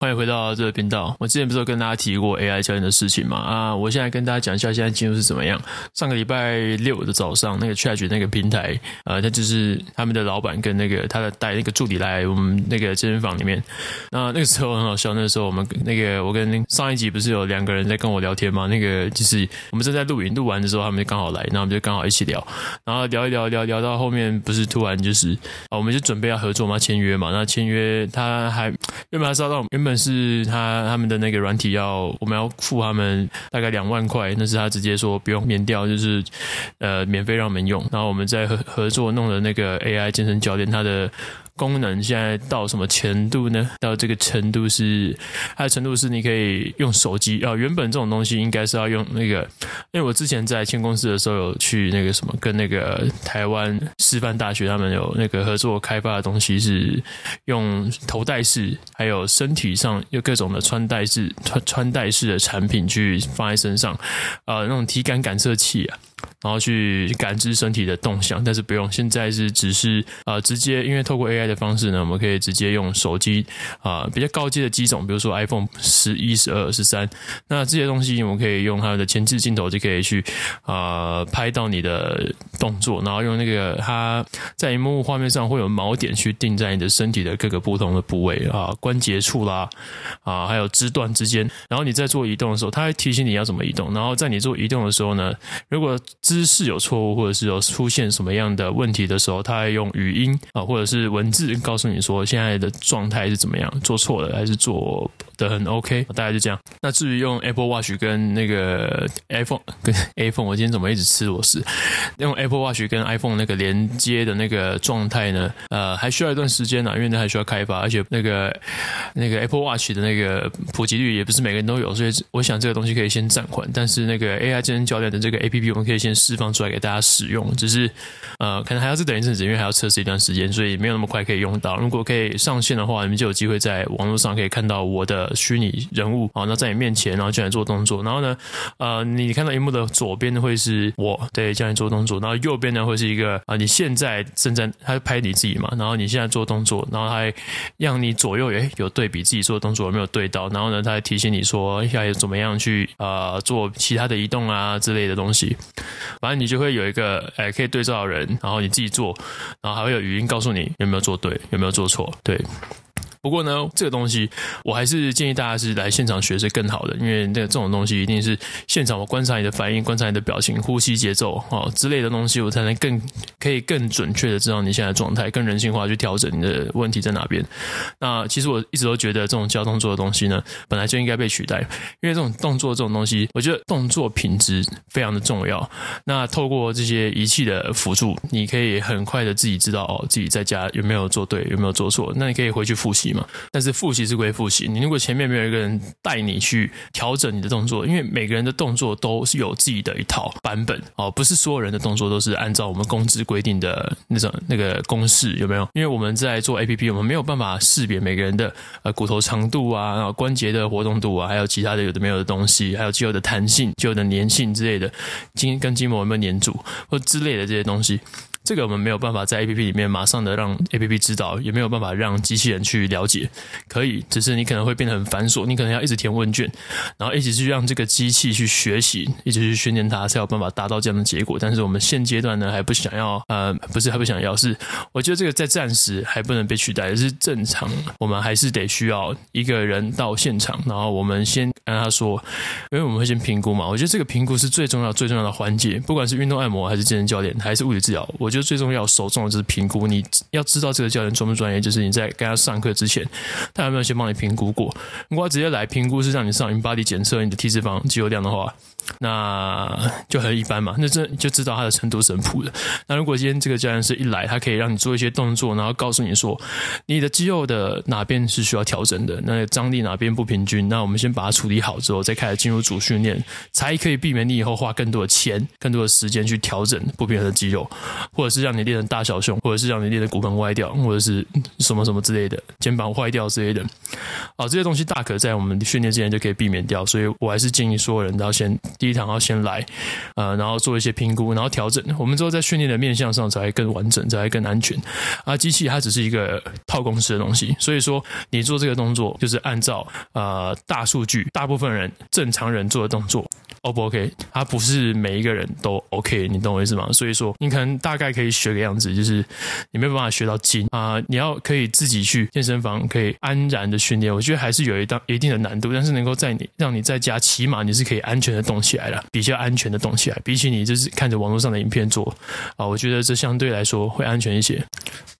歡迎回到這個頻道。我之前不是有跟大家提過 AI 教練的事情嘛？啊，我現在跟大家講一下現在進度是怎麼樣。上個禮拜六的早上，那個 ChatGPT 那個平台，呃，他就是他們的老闆跟那個他的帶那個助理來我們那個健身房裡面。那那個時候很好笑，那個時候我們那個我跟上一集不是有兩個人在跟我聊天嘛？那個就是我們正在錄影錄完的時候，他們就剛好來，那我們就剛好一起聊，然後聊一聊，聊聊到後面不是突然就是啊，我們就準備要合作嘛，我們要簽約嘛，然後簽約他還原本他招到原本。但是他他們的那個軟體要，我們要付他們大概兩萬塊，那是他直接說不用免掉，就是呃免費讓我們用。然後我們在合合作弄的那個 AI 健身教練，他的。功能現在到什麼程度呢？到這個程度是，它的程度是，你可以用手機啊、呃。原本這種東西應該是要用那個，因為我之前在簽公司的時候有去那個什麼，跟那個台灣師範大學他們有那個合作開發的東西，是用頭戴式，還有身體上有各種的穿戴式穿穿戴式的產品去放在身上，啊、呃，那種體感感測器啊。然後去感知身體的動向，但是不用。現在是只是呃，直接因為透過 AI 的方式呢，我們可以直接用手機啊、呃，比較高階的機種，比如說 iPhone 十一、十二、十三，那這些東西我們可以用它的前置鏡頭就可以去啊、呃、拍到你的動作，然後用那個它在熒幕畫面上會有錨點去定在你的身體的各個不同的部位啊、呃、關節處啦啊、呃、還有肢段之間，然後你在做移動的時候，它會提醒你要怎麼移動。然後在你做移動的時候呢，如果姿勢有錯誤，或者是有出現什麼樣的問題的時候，他會用語音啊，或者是文字告訴你說現在的狀態是怎麼樣，做錯了還是做的很 OK。啊、大概就這樣。那至於用 Apple Watch 跟那個 iPhone 跟 iPhone，我今天怎麼一直吃螺絲？用 Apple Watch 跟 iPhone 那個連接的那個狀態呢？呃，還需要一段時間啊，因為那還需要開發，而且那個那個 Apple Watch 的那個普及率也不是每個人都有，所以我想這個東西可以先暫緩。但是那個 AI 健身教練的這個 APP，我們可以。先釋放出來給大家使用，只是呃，可能還要再等一陣子，因為還要測試一段時間，所以沒有那麼快可以用到。如果可以上線的話，你們就有機會在網絡上可以看到我的虛擬人物啊，那在你面前，然後進來做動作。然後呢，呃，你看到螢幕的左邊會是我，對，叫你做動作。然後右邊呢會是一個啊、呃，你現在正在他拍你自己嘛？然後你現在做動作，然後還讓你左右誒有對比自己做的動作有沒有對到？然後呢，他還提醒你說要怎麼樣去呃做其他的移動啊之類的東西。反正你就會有一個，哎，可以對照的人，然後你自己做，然後還會有語音告訴你有沒有做對，有沒有做錯，對。不過呢，這個東西我還是建議大家是來現場學是更好的，因為那個這種東西一定是現場我觀察你的反應、觀察你的表情、呼吸節奏啊之類的東西，我才能更可以更準確的知道你現在的狀態，更人性化去調整你的問題在哪邊。那其實我一直都覺得這種教動作的東西呢，本來就應該被取代，因為這種動作這種東西，我覺得動作品質非常的重要。那透過這些儀器的輔助，你可以很快的自己知道哦，自己在家有沒有做對，有沒有做錯，那你可以回去複習。但是複習是歸複習，你如果前面沒有一個人帶你去調整你的動作，因為每個人的動作都是有自己的一套版本哦，不是所有人的動作都是按照我們工資規定的那種那個公式有沒有？因為我們在做 APP，我們沒有辦法識別每個人的、呃、骨頭長度啊、關節的活動度啊、還有其他的有的沒有的東西、還有肌肉的彈性、肌肉的粘性之類的筋跟筋膜有沒有粘住或之類的這些東西。這個我們沒有辦法在 APP 裡面馬上的讓 APP 知道，也沒有辦法讓機器人去了解，可以，只是你可能會變得很繁瑣，你可能要一直填問卷，然後一直去讓這個機器去學習，一直去訓練它才有辦法達到這樣的結果。但是我們現階段呢，還不想要，呃，不是還不想要，是我覺得這個在暫時還不能被取代，是正常，我們還是得需要一個人到現場，然後我們先跟他說，因為我們會先評估嘛，我覺得這個評估是最重要最重要的環節，不管是運動按摩還是健身教練，還是物理治療，我覺得。就最重要，首重的就是評估。你要知道這個教練專不專業，就是你在跟他上課之前，他有沒有先幫你評估過？如果他直接來評估，是讓你上 InBody 檢測你的體脂肪、肌肉量的話，那就很一般嘛。那這就知道他的程度是譜了。那如果今天這個教練是一來，他可以讓你做一些動作，然後告訴你說你的肌肉的哪邊是需要調整的，那個張力哪邊不平均，那我們先把它處理好之後，再開始進入主訓練，才可以避免你以後花更多的錢、更多的時間去調整不平衡的肌肉，或者。是讓你練成大小胸，或者是讓你練的骨盆歪掉，或者是什麼什麼之類的，肩膀壞掉之類的。啊，這些東西大可在我們訓練之前就可以避免掉，所以我還是建議所有人，都要先第一堂，要先來、呃，然後做一些評估，然後調整，我們之後在訓練的面向上才會更完整，才會更安全。啊，機器它只是一個套公式的東西，所以說你做這個動作就是按照啊、呃、大數據，大部分人正常人做的動作，O、哦、不 OK？它不是每一個人都 OK，你懂我意思嗎？所以說你可能大概。還可以學個樣子，就是你沒有辦法學到精啊、呃！你要可以自己去健身房，可以安然的訓練。我覺得還是有一道一定的難度，但是能夠在你讓你在家，起碼你是可以安全的動起來的，比較安全的動起來。比起你就是看着網絡上的影片做啊、呃，我覺得這相對來說會安全一些。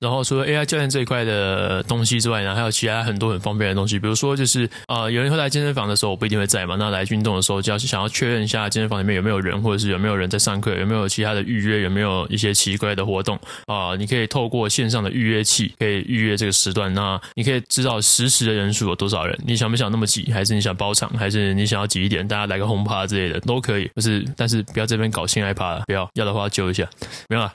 然後除了 AI 教練這一塊的東西之外呢，還有其他很多很方便的東西，比如說就是啊、呃，有人會來健身房的時候，我不一定會在嘛。那來運動的時候，就要去想要確認一下健身房裡面有沒有人，或者是有沒有人在上課，有沒有其他的預約，有沒有一些奇。怪的活動啊！你可以透過線上的預約器，可以預約這個時段。那你可以知道實時的人數有多少人。你想不想那麼擠？還是你想包場？還是你想要擠一點，大家來個轟趴之類的都可以。就是，但是不要這邊搞性愛趴了，不要。要的話要揪一下，沒有啊。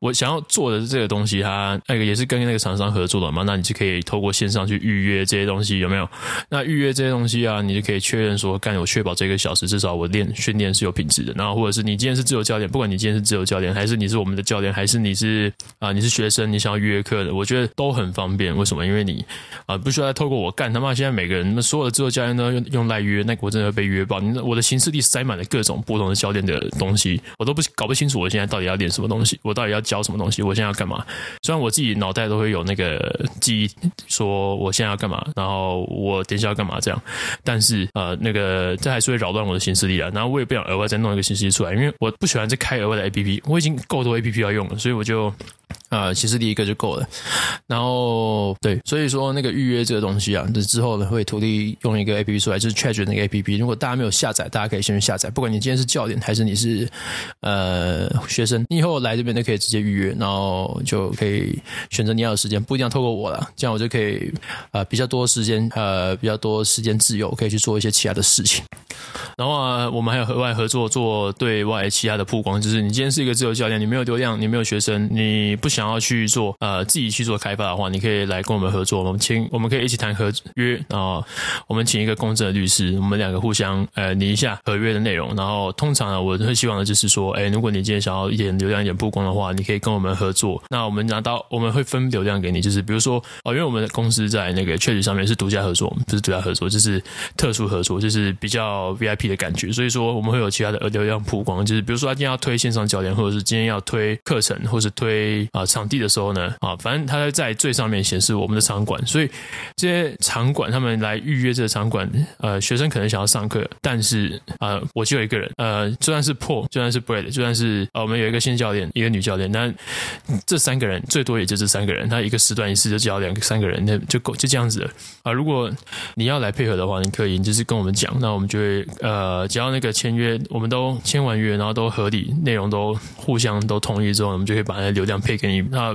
我想要做的是這個東西，它那個也是跟那個廠商合作的嘛。那你就可以透過線上去預約這些東西，有沒有？那預約這些東西啊，你就可以確認說，幹，我確保這個小時至少我練訓練是有品質的。然後，或者是你今天是自由教練，不管你今天是自由教練還是你是我們的教練。還是你是啊、呃？你是學生，你想要約課的？我覺得都很方便。為什麼？因為你啊、呃，不需要再透過我幹。他媽，現在每個人，那麼所有的自由教練都用用賴約，那個、我真的會被約爆。你我的行事曆塞滿了各種不同的教練的東西，我都不搞不清楚，我現在到底要練什麼東西，我到底要教什麼東西，我現在要幹嘛？雖然我自己腦袋都會有那個記憶，說我現在要幹嘛，然後我等一下要幹嘛這樣，但是呃，那個這還是會擾亂我的行事曆啊。然後我也不想額外再弄一個行事曆出來，因為我不喜歡再開額外的 A P P，我已經夠多 A P P 了。所以我就。啊、呃，其實第一個就夠了。然後對，所以說那個預約這個東西啊，這之後呢，會獨立用一個 A P P 出來，就是 c h a t g e 那個 A P P。如果大家沒有下載，大家可以先去下載。不管你今天是教練還是你是呃學生，你以後來這邊都可以直接預約，然後就可以選擇你要的時間，不一定要透過我了。這樣我就可以呃比較多時間呃比較多時間自由，可以去做一些其他的事情。然後啊，我們還有和外合作做對外其他的曝光，就是你今天是一個自由教練，你沒有流量，你沒有學生，你。你不想要去做呃自己去做開發的話，你可以來跟我們合作。我們請我們可以一起談合約啊。我們請一個公正的律師，我們兩個互相呃擬一下合約的內容。然後通常呢，我會希望的就是說，哎、欸，如果你今天想要一點流量一點曝光的話，你可以跟我們合作。那我們拿到我們會分流量給你，就是比如說哦，因為我們的公司在那個確實上面是獨家合作，不是獨家合作，就是特殊合作，就是比較 VIP 的感覺。所以說我們會有其他的流量曝光，就是比如說他今天要推線上教練，或者是今天要推課程，或是推。啊，場地的時候呢，啊，反正他在最上面顯示我們的場館，所以這些場館他們來預約這個場館，呃，學生可能想要上課，但是啊、呃，我就有一個人，呃，就算是 Paul，就算是 Brad，e 就算是啊、呃，我們有一個新教練，一個女教練，那這三個人最多也就這三個人，他一個時段一次就教兩個三個人，那就夠就這樣子了啊、呃。如果你要來配合的話，你可以你就是跟我們講，那我們就會呃，只要那個簽約，我們都簽完約，然後都合理，內容都互相都同意之後，我們就可以把那流量配合。給你那，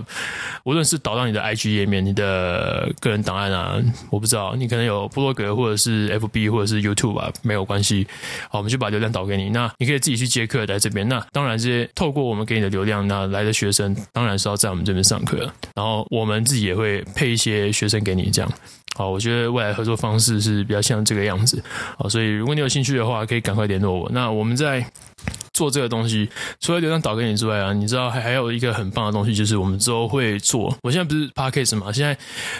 無論是導到你的 IG 頁面、你的個人檔案啊，我不知道你可能有部落格或者是 FB 或者是 YouTube 吧、啊，沒有關係。好，我們就把流量導給你。那你可以自己去接客來這邊。那當然，這些透過我們給你的流量，那來的學生當然是要在我們這邊上課了。然後我們自己也會配一些學生給你這樣。好，我覺得未來合作方式是比較像這個樣子。好，所以如果你有興趣的話，可以趕快聯絡我。那我們在。做這個東西，除了流量導給你之外啊，你知道還還有一個很棒的東西，就是我們之後會做。我現在不是 Podcast 嘛，現在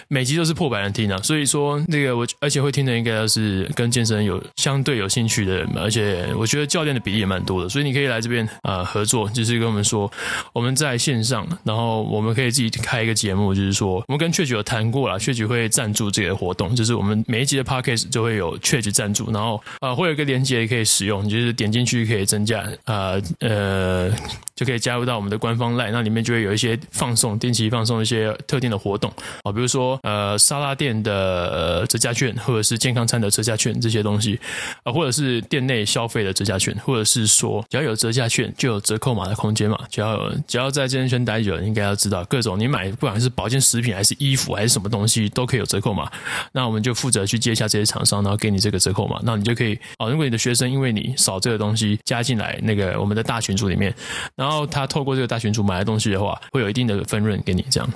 每集都是破百人聽呢、啊，所以說那個我而且會聽的應該是跟健身有相對有興趣的人嘛，而且我覺得教練的比例也蠻多的，所以你可以來這邊啊、呃、合作，就是跟我們說，我們在線上，然後我們可以自己開一個節目，就是說我們跟雀局有談過了，雀局會贊助這個活動，就是我們每一集的 Podcast 就會有雀局贊助，然後啊、呃、會有一個鏈接也可以使用，就是點進去可以增加。呃呃，就可以加入到我們的官方 LINE 那，裡面就會有一些放送，定期放送一些特定的活動啊、哦，比如說呃沙拉店的折價券，或者是健康餐的折價券這些東西，啊、呃，或者是店內消費的折價券，或者是說只要有折價券就有折扣碼的空間嘛，只要有只要在健身圈待久了，應該要知道各種你買不管是保健食品還是衣服還是什麼東西都可以有折扣碼，那我們就負責去接一下這些廠商，然後給你這個折扣碼，那你就可以啊、哦，如果你的學生因為你掃這個東西加進來那個。對，我們的大群組裡面，然後他透過這個大群組買的東西的話，會有一定的分潤給你，這樣。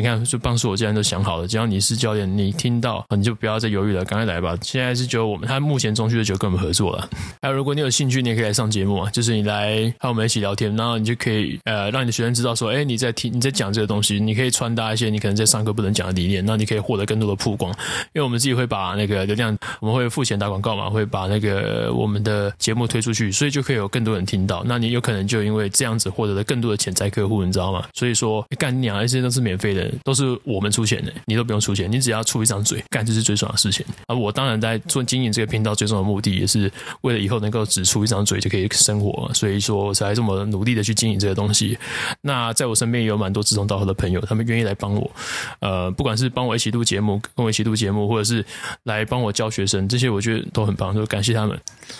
你看，就棒叔，我既然都想好了，只要你是教練，你聽到，你就不要再猶豫了，趕快來吧！現在是只有我們，他目前中區的只有跟我們合作了。還有，如果你有興趣，你也可以來上節目啊，就是你來和我們一起聊天，然後你就可以呃，讓你的學生知道說，哎、欸，你在聽，你在講這個東西，你可以傳達一些你可能在上課不能講的理念，那你可以獲得更多的曝光，因為我們自己會把那個流量，我們會付錢打廣告嘛，會把那個我們的節目推出去，所以就可以有更多人聽到。那你有可能就因為這樣子獲得了更多的潛在客戶，你知道嗎？所以說干兩這些都是免費的。都是我們出錢的，你都不用出錢，你只要出一張嘴，幹就是最爽的事情。而、啊、我當然在做經營這個頻道，最終的目的也是為了以後能夠只出一張嘴就可以生活，所以說我才這麼努力的去經營這個東西。那在我身邊也有蠻多志同道合的朋友，他們願意來幫我，呃，不管是幫我一起錄節目，跟我一起錄節目，或者是來幫我教學生，這些我覺得都很棒，就感謝他們。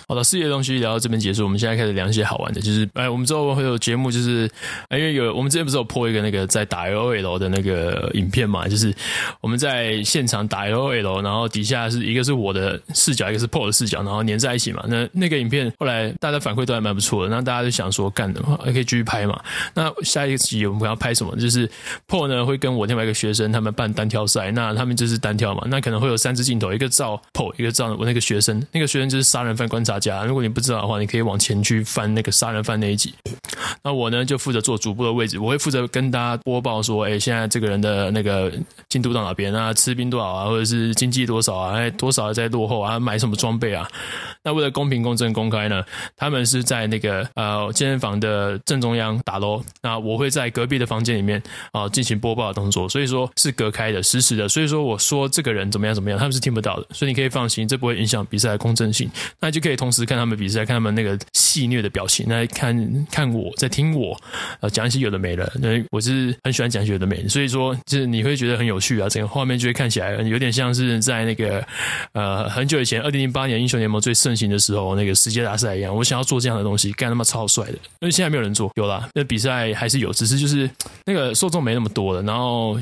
好了，事業的東西聊到這邊結束，我們現在開始聊一些好玩的，就是哎，我們之後會有節目，就是、哎、因為有我們之前不是有 PO 一個那個在打 LOL 的那個。個影片嘛，就是我們在現場打 L O L，然後底下是一個是我的視角，一個是 Paul 的視角，然後連在一起嘛。那那個影片後來大家反饋都還蠻不錯的，那大家就想說幹的話也可以繼續拍嘛。那下一個集我們要拍什麼？就是 Paul 呢會跟我另外一個學生他們辦單挑賽，那他們就是單挑嘛。那可能會有三支鏡頭，一個照 Paul，一個照我那個學生，那個學生就是殺人犯觀察家。如果你不知道的話，你可以往前去翻那個殺人犯那一集。那我呢就負責做主播的位置，我會負責跟大家播報說，哎、欸，現在這個。這個人的那個進度到哪邊啊？那吃兵多少啊？或者是經濟多少啊？哎，多少在落後啊？買什麼裝備啊？那為了公平、公正、公開呢，他們是在那個呃健身房的正中央打嘍。那我會在隔壁的房間裡面啊、呃、進行播報的動作，所以說是隔開的、實時的。所以說我說這個人怎麼樣怎麼樣，他們是聽不到的，所以你可以放心，這不會影響比賽的公正性。那就可以同時看他們比賽，看他們那個戲謔的表情，那看看我在聽我呃講一些有的沒的。那我是很喜歡講一些有的沒的，所以。說就是你會覺得很有趣啊，整個畫面就會看起來有點像是在那個呃很久以前，二零零八年英雄聯盟最盛行的時候，那個世界大賽一樣。我想要做這樣的東西，幹他媽超帥的，因為現在沒有人做，有啦，那個、比賽還是有，只是就是那個受眾沒那麼多了，然後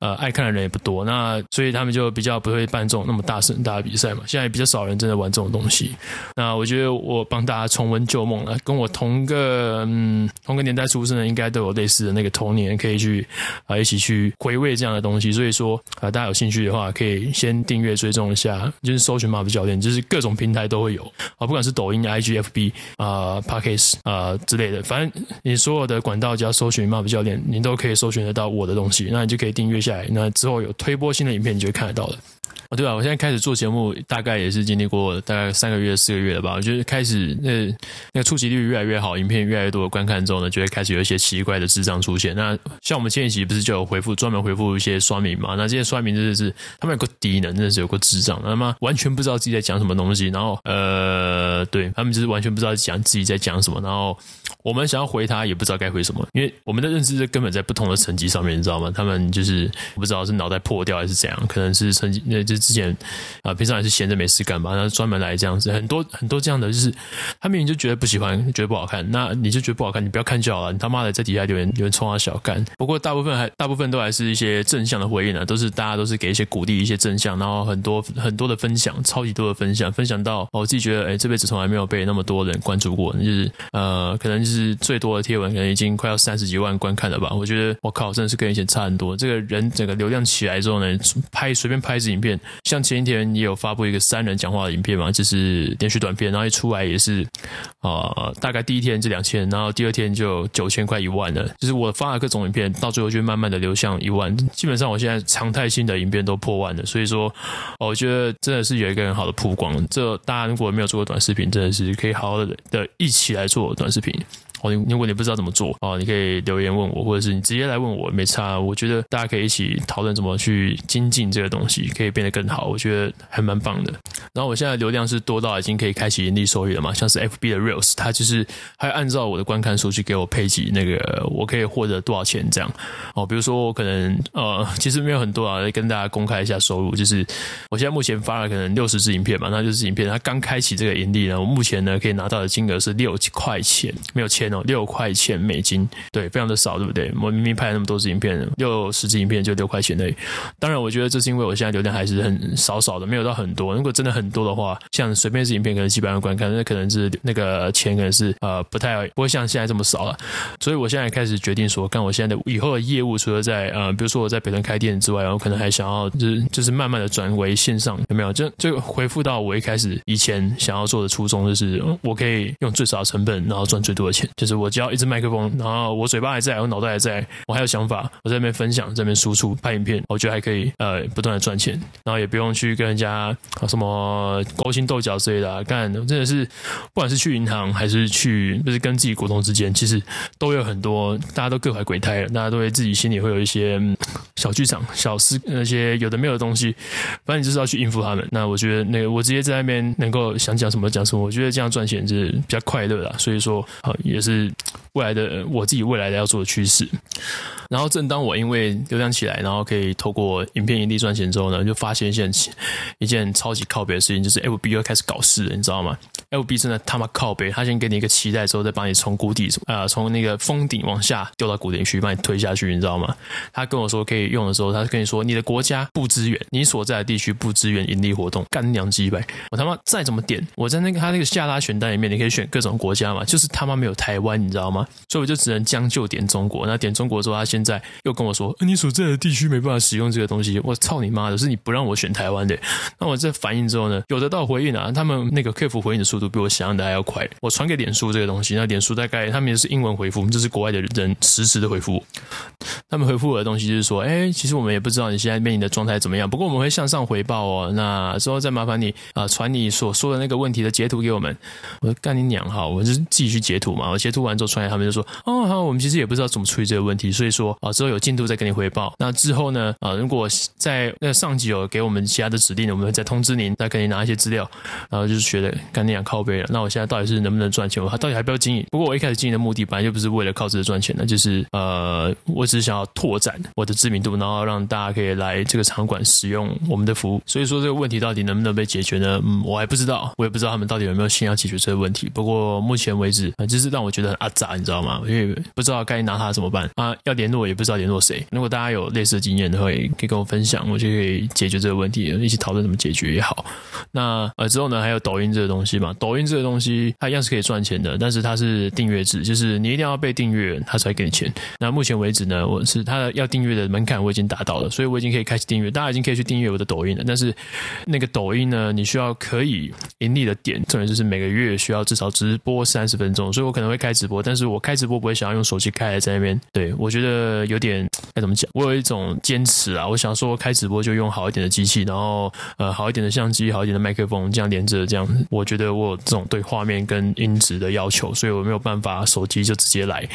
呃愛看的人也不多，那所以他們就比較不會辦這種那麼大、很大的比賽嘛。現在也比較少人真的玩這種東西，那我覺得我幫大家重溫舊夢了。跟我同個嗯同個年代出生的，應該都有類似的那個童年，可以去啊、呃、一起去。去回味這樣的東西，所以說啊、呃，大家有興趣的話，可以先訂閱追蹤一下，就是搜尋 Map 教練，就是各種平台都會有啊，不管是抖音、IGFB 啊、呃、Podcast 啊、呃、之類的，反正你所有的管道只要搜尋 Map 教練，您都可以搜尋得到我的東西，那你就可以訂閱下來。那之後有推播新的影片，你就會看得到了、哦。對啊，我現在開始做節目，大概也是經歷過大概三個月、四個月了吧，就是開始那那個觸及率越來越好，影片越來越多的觀看之後呢，就會開始有一些奇怪的智障出現。那像我們前一集不是就有。回覆專門回覆一些酸民嘛，那這些酸民真的是他們有夠低能，真的是有夠智障，他媽完全不知道自己在講什麼東西。然後呃，對他們就是完全不知道講自己在講什麼。然後我們想要回他也不知道該回什麼，因為我們的認知是根本在不同的層級上面，你知道嗎？他們就是不知道是腦袋破掉還是怎樣，可能是曾經那就是、之前啊、呃，平常也是閒着沒事幹嘛，然後專門來這樣子，很多很多這樣的就是他們明明就覺得不喜歡，覺得不好看。那你就覺得不好看，你不要看就好了。你他媽的在底下留言留言沖他小干。不過大部分還大部分。更多還是一些正向的回應呢、啊，都是大家都是給一些鼓勵、一些正向，然後很多很多的分享，超級多的分享，分享到我自己覺得，哎、欸，這輩子從來沒有被那麼多人關注過，就是呃，可能就是最多的貼文，可能已經快要三十幾萬觀看了吧。我覺得我靠，真的是跟以前差很多。這個人整個流量起來之後呢，拍隨便拍一支影片，像前一天也有發布一個三人講話的影片嘛，就是連續短片，然後一出來也是啊、呃，大概第一天就兩千，然後第二天就九千，快一萬了。就是我發的各種影片，到最後就慢慢的流。像一萬，基本上我現在常態性的影片都破萬的，所以說，我覺得真的是有一個很好的曝光。這大家如果沒有做過短視頻，真的是可以好好的的一起來做短視頻。如果你不知道怎麼做哦，你可以留言問我，或者是你直接來問我，沒差。我覺得大家可以一起討論怎麼去精進這個東西，可以變得更好。我覺得還蠻棒的。然後我現在流量是多到已經可以開啟盈利收益了嘛？像是 FB 的 Reels，它就是還按照我的觀看數據給我配齊那個，我可以獲得多少錢這樣哦？比如說我可能呃，其實沒有很多啊，跟大家公開一下收入，就是我現在目前發了可能六十支影片嘛，那就是影片它剛開啟這個盈利呢，我目前呢可以拿到的金額是六塊錢，沒有千、啊。六塊錢美金，對，非常的少，對不對？我明明拍了那麼多支影片，又十支影片就六塊錢而已，當然我覺得這是因為我現在流量還是很少少的，沒有到很多。如果真的很多的話，像隨便一支影片可能幾百萬觀看，那可能是那個錢可能是呃不太不會像現在這麼少了。所以我現在開始決定說，看我現在的以後的業務，除了在呃比如說我在北屯開店之外，我可能還想要就是就是慢慢的轉為線上，有沒有？就就回復到我一開始以前想要做的初衷，就是我可以用最少的成本，然後賺最多的錢。就是我只要一支麥克風，然後我嘴巴還在，我腦袋還在，我還有想法，我在那邊分享，在那邊輸出拍影片，我覺得還可以，呃，不斷的賺錢，然後也不用去跟人家、啊、什麼勾心鬥角之類的、啊。幹真的是，不管是去銀行還是去，就是跟自己股東之間，其實都有很多，大家都各懷鬼胎了，大家都會自己心裡會有一些小劇場、小事那些有的沒有的東西，反正你就是要去應付他們。那我覺得那個我直接在那邊能夠想講什麼講什麼，我覺得這樣賺錢是比較快樂的、啊。所以說，好、呃、也是。是未來的我自己未來的要做的趨勢。然後正當我因為流量起來，然後可以透過影片盈利賺錢之後呢，就發現一件一件超級靠北的事情，就是 f b 又開始搞事了，你知道嗎？FB 真的他媽靠北，他先給你一個期待，之後再把你從谷底，啊、呃，從那個峰頂往下掉到谷底去，把你推下去，你知道嗎？他跟我說可以用的時候，他就跟你說你的國家不支援，你所在的地區不支援盈利活動，幹娘幾百，我他媽再怎麼點，我在那個他那個下拉選單裡面，你可以選各種國家嘛，就是他媽沒有台。台灣，你知道嗎？所以我就只能將就點中國。那點中國之後，他現在又跟我說、欸：“你所在的地區沒辦法使用這個東西。”我操你媽的！是你不讓我選台灣的、欸。那我在反應之後呢？有得到回應啊，他們那個客服回應的速度比我想象的還要快。我傳給臉書這個東西，那臉書大概他們也是英文回覆，就是國外的人實時的回覆。他們回覆我的東西就是說：“哎、欸，其實我們也不知道你現在面臨的狀態怎麼樣。不過我們會向上回報哦。那之後再麻煩你啊、呃，傳你所說，說的那個問題的截圖給我們。”我說：“幹你娘哈！”我就自己去截圖嘛。我。截圖完之後，傳來他們就說：“哦，好，我們其實也不知道怎麼處理這個問題，所以說啊，之後有進度再跟你匯報。那之後呢，啊，如果在那個上級有給我們其他的指令呢，我們會再通知您，再給您拿一些資料。然後就是覺得，跟你講靠北了。那我現在到底是能不能賺錢？我還到底還不要經營？不過我一開始經營的目的本來就不是為了靠這個賺錢的，就是呃，我只是想要拓展我的知名度，然後讓大家可以來這個場館使用我們的服務。所以說這個問題到底能不能被解決呢？嗯，我還不知道，我也不知道他們到底有沒有心要解決這個問題。不過目前為止，啊，就是讓我。”覺得很阿雜，你知道嗎？因為不知道該拿他怎麼辦啊，要聯絡也不知道聯絡誰。如果大家有類似的經驗的話，也可以跟我分享，我就可以解決這個問題，一起討論怎麼解決也好。那呃之後呢，還有抖音這個東西嘛。抖音這個東西，它一樣是可以賺錢的，但是它是訂閱制，就是你一定要被訂閱，它才會給你錢。那目前為止呢，我是它的要訂閱的門檻我已經達到了，所以我已經可以開始訂閱。大家已經可以去訂閱我的抖音了，但是那個抖音呢，你需要可以盈利的點，重點就是每個月需要至少直播三十分鐘，所以我可能會。開直播，但是我開直播不會想要用手機開，在那邊對我覺得有點該、哎、怎麼講？我有一種堅持啊，我想說開直播就用好一點的機器，然後呃好一點的相機，好一點的麥克風，這樣連着這樣，我覺得我有這種對畫面跟音質的要求，所以我沒有辦法手機就直接來，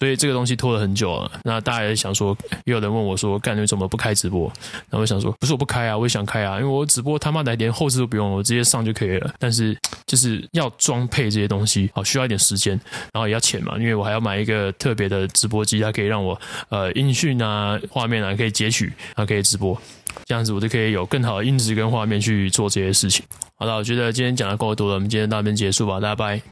所以這個東西拖了很久了。那大家也想說，也有人問我說，幹你怎麼不開直播？然後我想說，不是我不開啊，我也想開啊，因為我直播他媽的連後置都不用，我直接上就可以了。但是就是要裝配這些東西，好需要一點時間。然後也要錢嘛，因為我還要買一個特別的直播機，它可以讓我呃音訊啊、畫面啊可以截取，它可以直播，這樣子我就可以有更好的音質跟畫面去做這些事情。好了，我覺得今天講的夠多了，我們今天到這邊結束吧，大家拜。